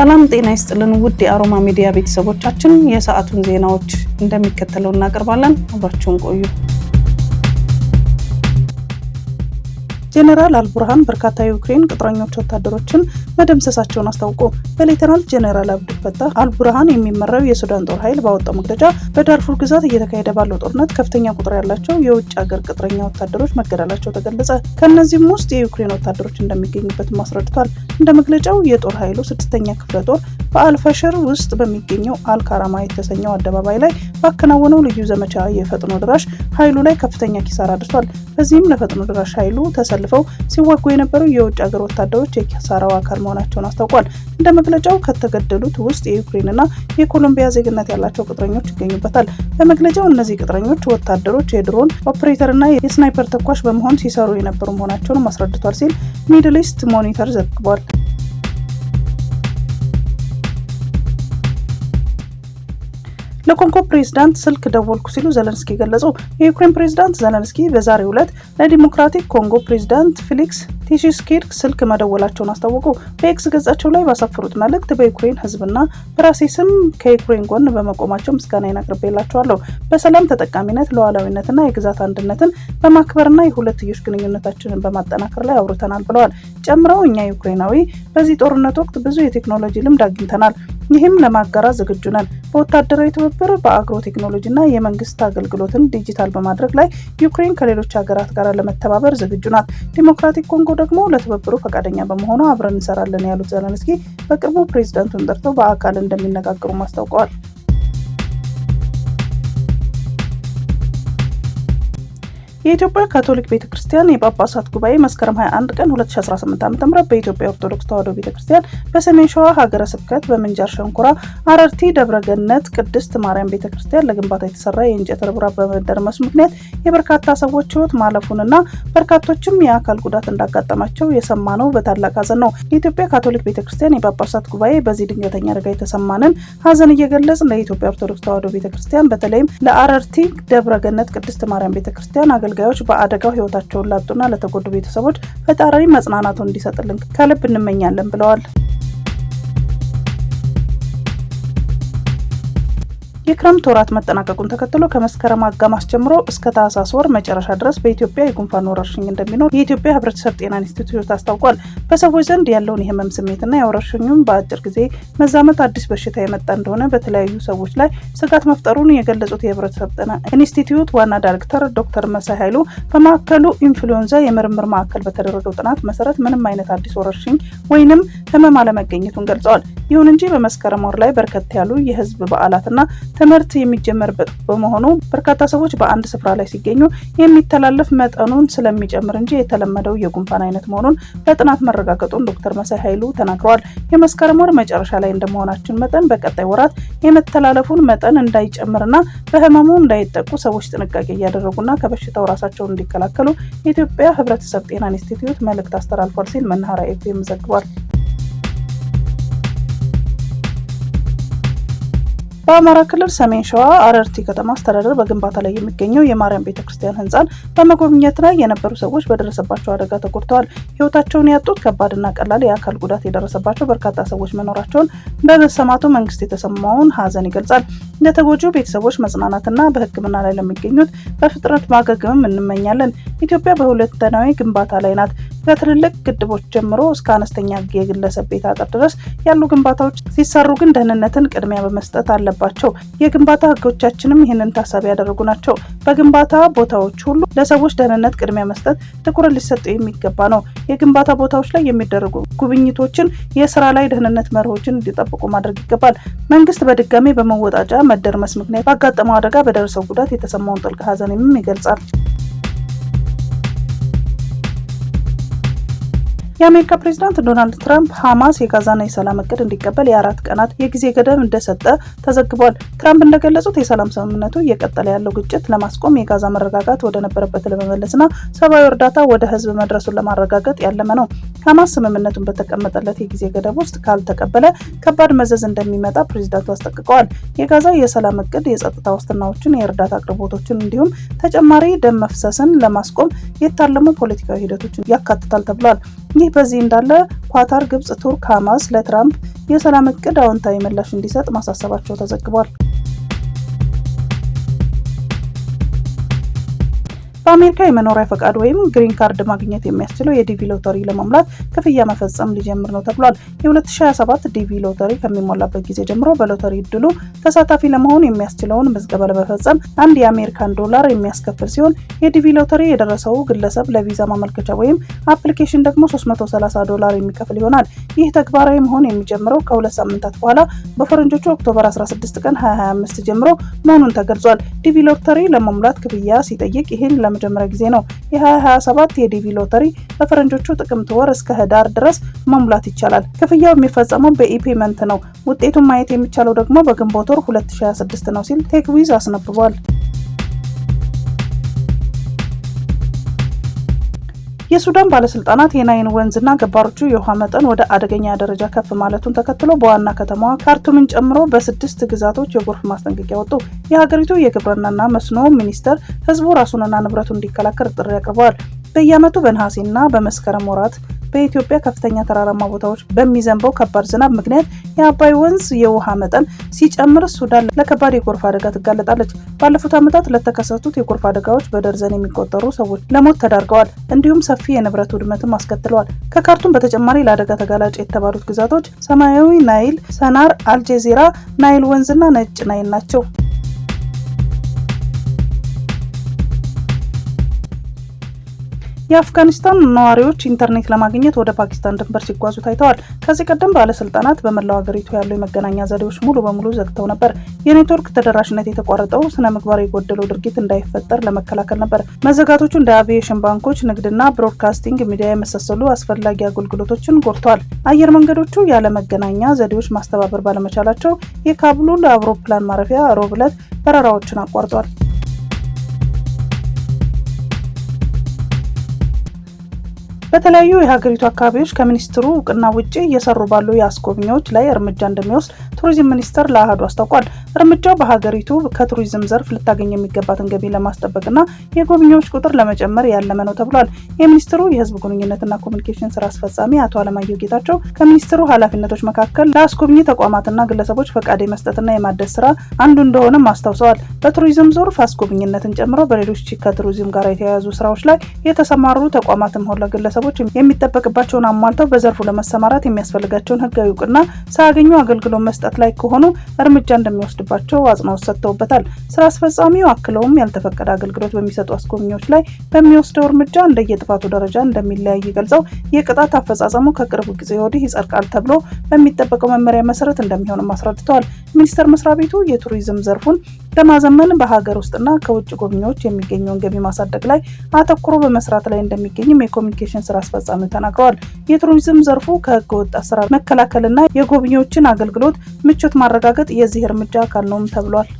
ሰላም ጤና ይስጥልን ውድ የአሮማ ሚዲያ ቤተሰቦቻችን፣ የሰዓቱን ዜናዎች እንደሚከተለው እናቀርባለን። አብራችሁን ቆዩ። ጄኔራል አልቡርሃን በርካታ የዩክሬን ቅጥረኞች ወታደሮችን መደምሰሳቸውን አስታውቆ በሌተናል ጄኔራል አብዱልፈታህ አልቡርሃን የሚመራው የሱዳን ጦር ኃይል ባወጣው መግለጫ በዳርፉር ግዛት እየተካሄደ ባለው ጦርነት ከፍተኛ ቁጥር ያላቸው የውጭ ሀገር ቅጥረኛ ወታደሮች መገደላቸው ተገለጸ። ከእነዚህም ውስጥ የዩክሬን ወታደሮች እንደሚገኙበት አስረድቷል። እንደ መግለጫው የጦር ኃይሉ ስድስተኛ ክፍለ ጦር በአልፈሽር ውስጥ በሚገኘው አልካራማ የተሰኘው አደባባይ ላይ ባከናወነው ልዩ ዘመቻ የፈጥኖ ድራሽ ኃይሉ ላይ ከፍተኛ ኪሳራ አድርሷል። በዚህም ለፈጥኖ ድራሽ ኃይሉ ተሰልፈው ሲዋጉ የነበሩ የውጭ ሀገር ወታደሮች የኪሳራው አካል መሆናቸውን አስታውቋል። እንደ መግለጫው ከተገደሉት ውስጥ የዩክሬንና የኮሎምቢያ ዜግነት ያላቸው ቅጥረኞች ይገኙበታል። በመግለጫው እነዚህ ቅጥረኞች ወታደሮች፣ የድሮን ኦፕሬተርና የስናይፐር ተኳሽ በመሆን ሲሰሩ የነበሩ መሆናቸውን አስረድቷል ሲል ሚድል ኢስት ሞኒተር ዘግቧል። ለኮንጎ ፕሬዚዳንት ስልክ ደወልኩ ሲሉ ዘለንስኪ ገለጹ። የዩክሬን ፕሬዚዳንት ዘለንስኪ በዛሬው ዕለት ለዲሞክራቲክ ኮንጎ ፕሬዚዳንት ፊሊክስ ቲሺስኬርክ ስልክ መደወላቸውን አስታወቁ። በኤክስ ገጻቸው ላይ ባሰፈሩት መልእክት በዩክሬን ህዝብና በራሴ ስም ከዩክሬን ጎን በመቆማቸው ምስጋና አቅርቤላቸዋለሁ። በሰላም ተጠቃሚነት፣ ለዋላዊነትና የግዛት አንድነትን በማክበርና የሁለትዮሽ ግንኙነታችንን በማጠናከር ላይ አውርተናል ብለዋል። ጨምረው እኛ ዩክሬናዊ በዚህ ጦርነት ወቅት ብዙ የቴክኖሎጂ ልምድ አግኝተናል ይህም ለማጋራት ዝግጁ ነን። በወታደራዊ ትብብር በአግሮ ቴክኖሎጂ እና የመንግስት አገልግሎትን ዲጂታል በማድረግ ላይ ዩክሬን ከሌሎች ሀገራት ጋር ለመተባበር ዝግጁ ናት። ዲሞክራቲክ ኮንጎ ደግሞ ለትብብሩ ፈቃደኛ በመሆኑ አብረን እንሰራለን ያሉት ዘለንስኪ በቅርቡ ፕሬዚደንቱን ጠርተው በአካል እንደሚነጋገሩ ማስታውቀዋል። የኢትዮጵያ ካቶሊክ ቤተ ክርስቲያን የጳጳሳት ጉባኤ መስከረም 21 ቀን 2018 ዓ ም በኢትዮጵያ ኦርቶዶክስ ተዋሕዶ ቤተ ክርስቲያን በሰሜን ሸዋ ሀገረ ስብከት በምንጃር ሸንኮራ አረርቲ ደብረገነት ቅድስት ማርያም ቤተ ክርስቲያን ለግንባታ የተሰራ የእንጨት ርብራብ በመደርመሱ ምክንያት የበርካታ ሰዎች ህይወት ማለፉንና በርካቶችም የአካል ጉዳት እንዳጋጠማቸው ነው በታላቅ ሀዘን ነው። የኢትዮጵያ ካቶሊክ ቤተ ክርስቲያን የጳጳሳት ጉባኤ በዚህ ድንገተኛ አደጋ የተሰማንን ሀዘን እየገለጽን ለኢትዮጵያ ኦርቶዶክስ ተዋሕዶ ቤተ ክርስቲያን በተለይም ለአረርቲ ደብረገነት ቅድስት ማርያም ቤተ ክርስቲያን ታጋዮች በአደጋው ህይወታቸውን ላጡና ለተጎዱ ቤተሰቦች ፈጣሪ መጽናናቱን እንዲሰጥልን ከልብ እንመኛለን ብለዋል። የክረምት ወራት መጠናቀቁን ተከትሎ ከመስከረም አጋማሽ ጀምሮ እስከ ታህሳስ ወር መጨረሻ ድረስ በኢትዮጵያ የጉንፋን ወረርሽኝ እንደሚኖር የኢትዮጵያ ሕብረተሰብ ጤና ኢንስቲትዩት አስታውቋል። በሰዎች ዘንድ ያለውን የህመም ስሜትና የወረርሽኙን በአጭር ጊዜ መዛመት አዲስ በሽታ የመጣ እንደሆነ በተለያዩ ሰዎች ላይ ስጋት መፍጠሩን የገለጹት የህብረተሰብ ጤና ኢንስቲትዩት ዋና ዳይሬክተር ዶክተር መሳይ ኃይሉ በማዕከሉ ኢንፍሉዌንዛ የምርምር ማዕከል በተደረገው ጥናት መሰረት ምንም አይነት አዲስ ወረርሽኝ ወይንም ህመም አለመገኘቱን ገልጸዋል። ይሁን እንጂ በመስከረም ወር ላይ በርከት ያሉ የህዝብ በዓላትና ትምህርት የሚጀመርበት በመሆኑ በርካታ ሰዎች በአንድ ስፍራ ላይ ሲገኙ የሚተላለፍ መጠኑን ስለሚጨምር እንጂ የተለመደው የጉንፋን አይነት መሆኑን በጥናት መረጋገጡን ዶክተር መሳይ ኃይሉ ተናግረዋል። የመስከረም ወር መጨረሻ ላይ እንደመሆናችን መጠን በቀጣይ ወራት የመተላለፉን መጠን እንዳይጨምርና በህመሙ እንዳይጠቁ ሰዎች ጥንቃቄ እያደረጉና ከበሽታው ራሳቸውን እንዲከላከሉ የኢትዮጵያ ህብረተሰብ ጤና ኢንስቲትዩት መልእክት አስተላልፏል ሲል መናኸሪያ ኤፍኤም ዘግቧል። በአማራ ክልል ሰሜን ሸዋ አረርቲ ከተማ አስተዳደር በግንባታ ላይ የሚገኘው የማርያም ቤተክርስቲያን ህንፃን በመጎብኘት ላይ የነበሩ ሰዎች በደረሰባቸው አደጋ ተጎድተዋል። ህይወታቸውን ያጡት ከባድና ቀላል የአካል ጉዳት የደረሰባቸው በርካታ ሰዎች መኖራቸውን በመሰማቱ መንግስት የተሰማውን ሀዘን ይገልጻል። ለተጎጂው ቤተሰቦች መጽናናትና በህክምና ላይ ለሚገኙት በፍጥነት ማገገምም እንመኛለን። ኢትዮጵያ በሁለንተናዊ ግንባታ ላይ ናት። ከትልልቅ ግድቦች ጀምሮ እስከ አነስተኛ የግለሰብ ቤት አጥር ድረስ ያሉ ግንባታዎች ሲሰሩ ግን ደህንነትን ቅድሚያ በመስጠት አለባቸው። የግንባታ ህጎቻችንም ይህንን ታሳቢ ያደረጉ ናቸው። በግንባታ ቦታዎች ሁሉ ለሰዎች ደህንነት ቅድሚያ መስጠት ትኩረት ሊሰጠው የሚገባ ነው። የግንባታ ቦታዎች ላይ የሚደረጉ ጉብኝቶችን የስራ ላይ ደህንነት መርሆችን እንዲጠብቁ ማድረግ ይገባል። መንግስት በድጋሜ በመወጣጫ መደርመስ ምክንያት ባጋጠመው አደጋ በደረሰው ጉዳት የተሰማውን ጥልቅ ሀዘንም ይገልጻል። የአሜሪካ ፕሬዚዳንት ዶናልድ ትራምፕ ሐማስ የጋዛና የሰላም እቅድ እንዲቀበል የአራት ቀናት የጊዜ ገደብ እንደሰጠ ተዘግቧል። ትራምፕ እንደገለጹት የሰላም ስምምነቱ እየቀጠለ ያለው ግጭት ለማስቆም የጋዛ መረጋጋት ወደነበረበት ለመመለስና ሰብአዊ እርዳታ ወደ ህዝብ መድረሱን ለማረጋገጥ ያለመ ነው። ሐማስ ስምምነቱን በተቀመጠለት የጊዜ ገደብ ውስጥ ካልተቀበለ ከባድ መዘዝ እንደሚመጣ ፕሬዚዳንቱ አስጠንቅቀዋል። የጋዛ የሰላም እቅድ የጸጥታ ዋስትናዎችን፣ የእርዳታ አቅርቦቶችን እንዲሁም ተጨማሪ ደም መፍሰስን ለማስቆም የታለሙ ፖለቲካዊ ሂደቶችን ያካትታል ተብሏል። ይህ በዚህ እንዳለ ኳታር፣ ግብጽ፣ ቱርክ ሐማስ ለትራምፕ የሰላም እቅድ አዎንታዊ ምላሽ እንዲሰጥ ማሳሰባቸው ተዘግቧል። በአሜሪካ የመኖሪያ ፈቃድ ወይም ግሪን ካርድ ማግኘት የሚያስችለው የዲቪ ሎተሪ ለመሙላት ክፍያ መፈጸም ሊጀምር ነው ተብሏል። የ2027 ዲቪ ሎተሪ ከሚሞላበት ጊዜ ጀምሮ በሎተሪ እድሉ ተሳታፊ ለመሆን የሚያስችለውን ምዝገባ ለመፈጸም አንድ የአሜሪካን ዶላር የሚያስከፍል ሲሆን የዲቪ ሎተሪ የደረሰው ግለሰብ ለቪዛ ማመልከቻ ወይም አፕሊኬሽን ደግሞ 330 ዶላር የሚከፍል ይሆናል። ይህ ተግባራዊ መሆን የሚጀምረው ከሁለት ሳምንታት በኋላ በፈረንጆቹ ኦክቶበር 16 ቀን 2025 ጀምሮ መሆኑን ተገልጿል። ዲቪ ሎተሪ ለመሙላት ክፍያ ሲጠይቅ ይህን ለመጀመሪያ ጊዜ ነው። የ2027 የዲቪ ሎተሪ በፈረንጆቹ ጥቅምት ወር እስከ ህዳር ድረስ መሙላት ይቻላል። ክፍያው የሚፈጸመው በኢፔመንት ነው። ውጤቱን ማየት የሚቻለው ደግሞ በግንቦት ወር 2026 ነው ሲል ቴክዊዝ አስነብቧል። የሱዳን ባለስልጣናት የናይን ወንዝና ገባሮቹ የውሃ መጠን ወደ አደገኛ ደረጃ ከፍ ማለቱን ተከትሎ በዋና ከተማዋ ካርቱምን ጨምሮ በስድስት ግዛቶች የጎርፍ ማስጠንቀቂያ ወጡ። የሀገሪቱ የግብርናና መስኖ ሚኒስተር ህዝቡ ራሱንና ንብረቱን እንዲከላከል ጥሪ አቅርበዋል። በየዓመቱ በነሐሴና በመስከረም ወራት በኢትዮጵያ ከፍተኛ ተራራማ ቦታዎች በሚዘንበው ከባድ ዝናብ ምክንያት የአባይ ወንዝ የውሃ መጠን ሲጨምር ሱዳን ለከባድ የጎርፍ አደጋ ትጋለጣለች። ባለፉት ዓመታት ለተከሰቱት የጎርፍ አደጋዎች በደርዘን የሚቆጠሩ ሰዎች ለሞት ተዳርገዋል፣ እንዲሁም ሰፊ የንብረት ውድመትም አስከትለዋል። ከካርቱም በተጨማሪ ለአደጋ ተጋላጭ የተባሉት ግዛቶች ሰማያዊ ናይል፣ ሰናር፣ አልጄዚራ፣ ናይል ወንዝና ነጭ ናይል ናቸው። የአፍጋኒስታን ነዋሪዎች ኢንተርኔት ለማግኘት ወደ ፓኪስታን ድንበር ሲጓዙ ታይተዋል። ከዚህ ቀደም ባለስልጣናት በመላው ሀገሪቱ ያሉ የመገናኛ ዘዴዎች ሙሉ በሙሉ ዘግተው ነበር። የኔትወርክ ተደራሽነት የተቋረጠው ስነ ምግባር የጎደለው ድርጊት እንዳይፈጠር ለመከላከል ነበር። መዘጋቶቹ እንደ አቪዬሽን፣ ባንኮች፣ ንግድና ብሮድካስቲንግ ሚዲያ የመሳሰሉ አስፈላጊ አገልግሎቶችን ጎድተዋል። አየር መንገዶቹ ያለ መገናኛ ዘዴዎች ማስተባበር ባለመቻላቸው የካቡሉል አውሮፕላን ማረፊያ ሮብለት በረራዎችን አቋርጧል። በተለያዩ የሀገሪቱ አካባቢዎች ከሚኒስትሩ እውቅና ውጭ እየሰሩ ባሉ የአስጎብኚዎች ላይ እርምጃ እንደሚወስድ ቱሪዝም ሚኒስቴር ለአህዱ አስታውቋል። እርምጃው በሀገሪቱ ከቱሪዝም ዘርፍ ልታገኝ የሚገባትን ገቢ ለማስጠበቅና የጎብኚዎች ቁጥር ለመጨመር ያለመ ነው ተብሏል። የሚኒስትሩ የህዝብ ግንኙነትና ኮሚኒኬሽን ስራ አስፈጻሚ አቶ አለማየሁ ጌታቸው ከሚኒስትሩ ኃላፊነቶች መካከል ለአስጎብኚ ተቋማትና ግለሰቦች ፈቃድ የመስጠትና የማደስ ስራ አንዱ እንደሆነም አስታውሰዋል። በቱሪዝም ዘርፍ አስጎብኝነትን ጨምሮ በሌሎች ከቱሪዝም ጋር የተያያዙ ስራዎች ላይ የተሰማሩ ተቋማትም ሆነ ግለሰቦች የሚጠበቅባቸውን አሟልተው በዘርፉ ለመሰማራት የሚያስፈልጋቸውን ህጋዊ እውቅና ሳያገኙ አገልግሎት መስጠት በርቀት ላይ ከሆኑ እርምጃ እንደሚወስድባቸው አጽንኦት ሰጥተውበታል። ስራ አስፈጻሚው አክለውም ያልተፈቀደ አገልግሎት በሚሰጡ አስጎብኚዎች ላይ በሚወስደው እርምጃ እንደየጥፋቱ ደረጃ እንደሚለያይ ገልጸው የቅጣት አፈጻጸሙ ከቅርብ ጊዜ ወዲህ ይጸድቃል ተብሎ በሚጠበቀው መመሪያ መሰረት እንደሚሆንም አስረድተዋል። ሚኒስቴር መስሪያ ቤቱ የቱሪዝም ዘርፉን በማዘመን በሀገር ውስጥና ከውጭ ጎብኚዎች የሚገኘውን ገቢ ማሳደግ ላይ አተኩሮ በመስራት ላይ እንደሚገኝም የኮሚኒኬሽን ስራ አስፈጻሚ ተናግረዋል። የቱሪዝም ዘርፉ ከህገ ወጥ አሰራር መከላከልና የጎብኚዎችን አገልግሎት ምቾት ማረጋገጥ የዚህ እርምጃ አካል ነውም ተብሏል።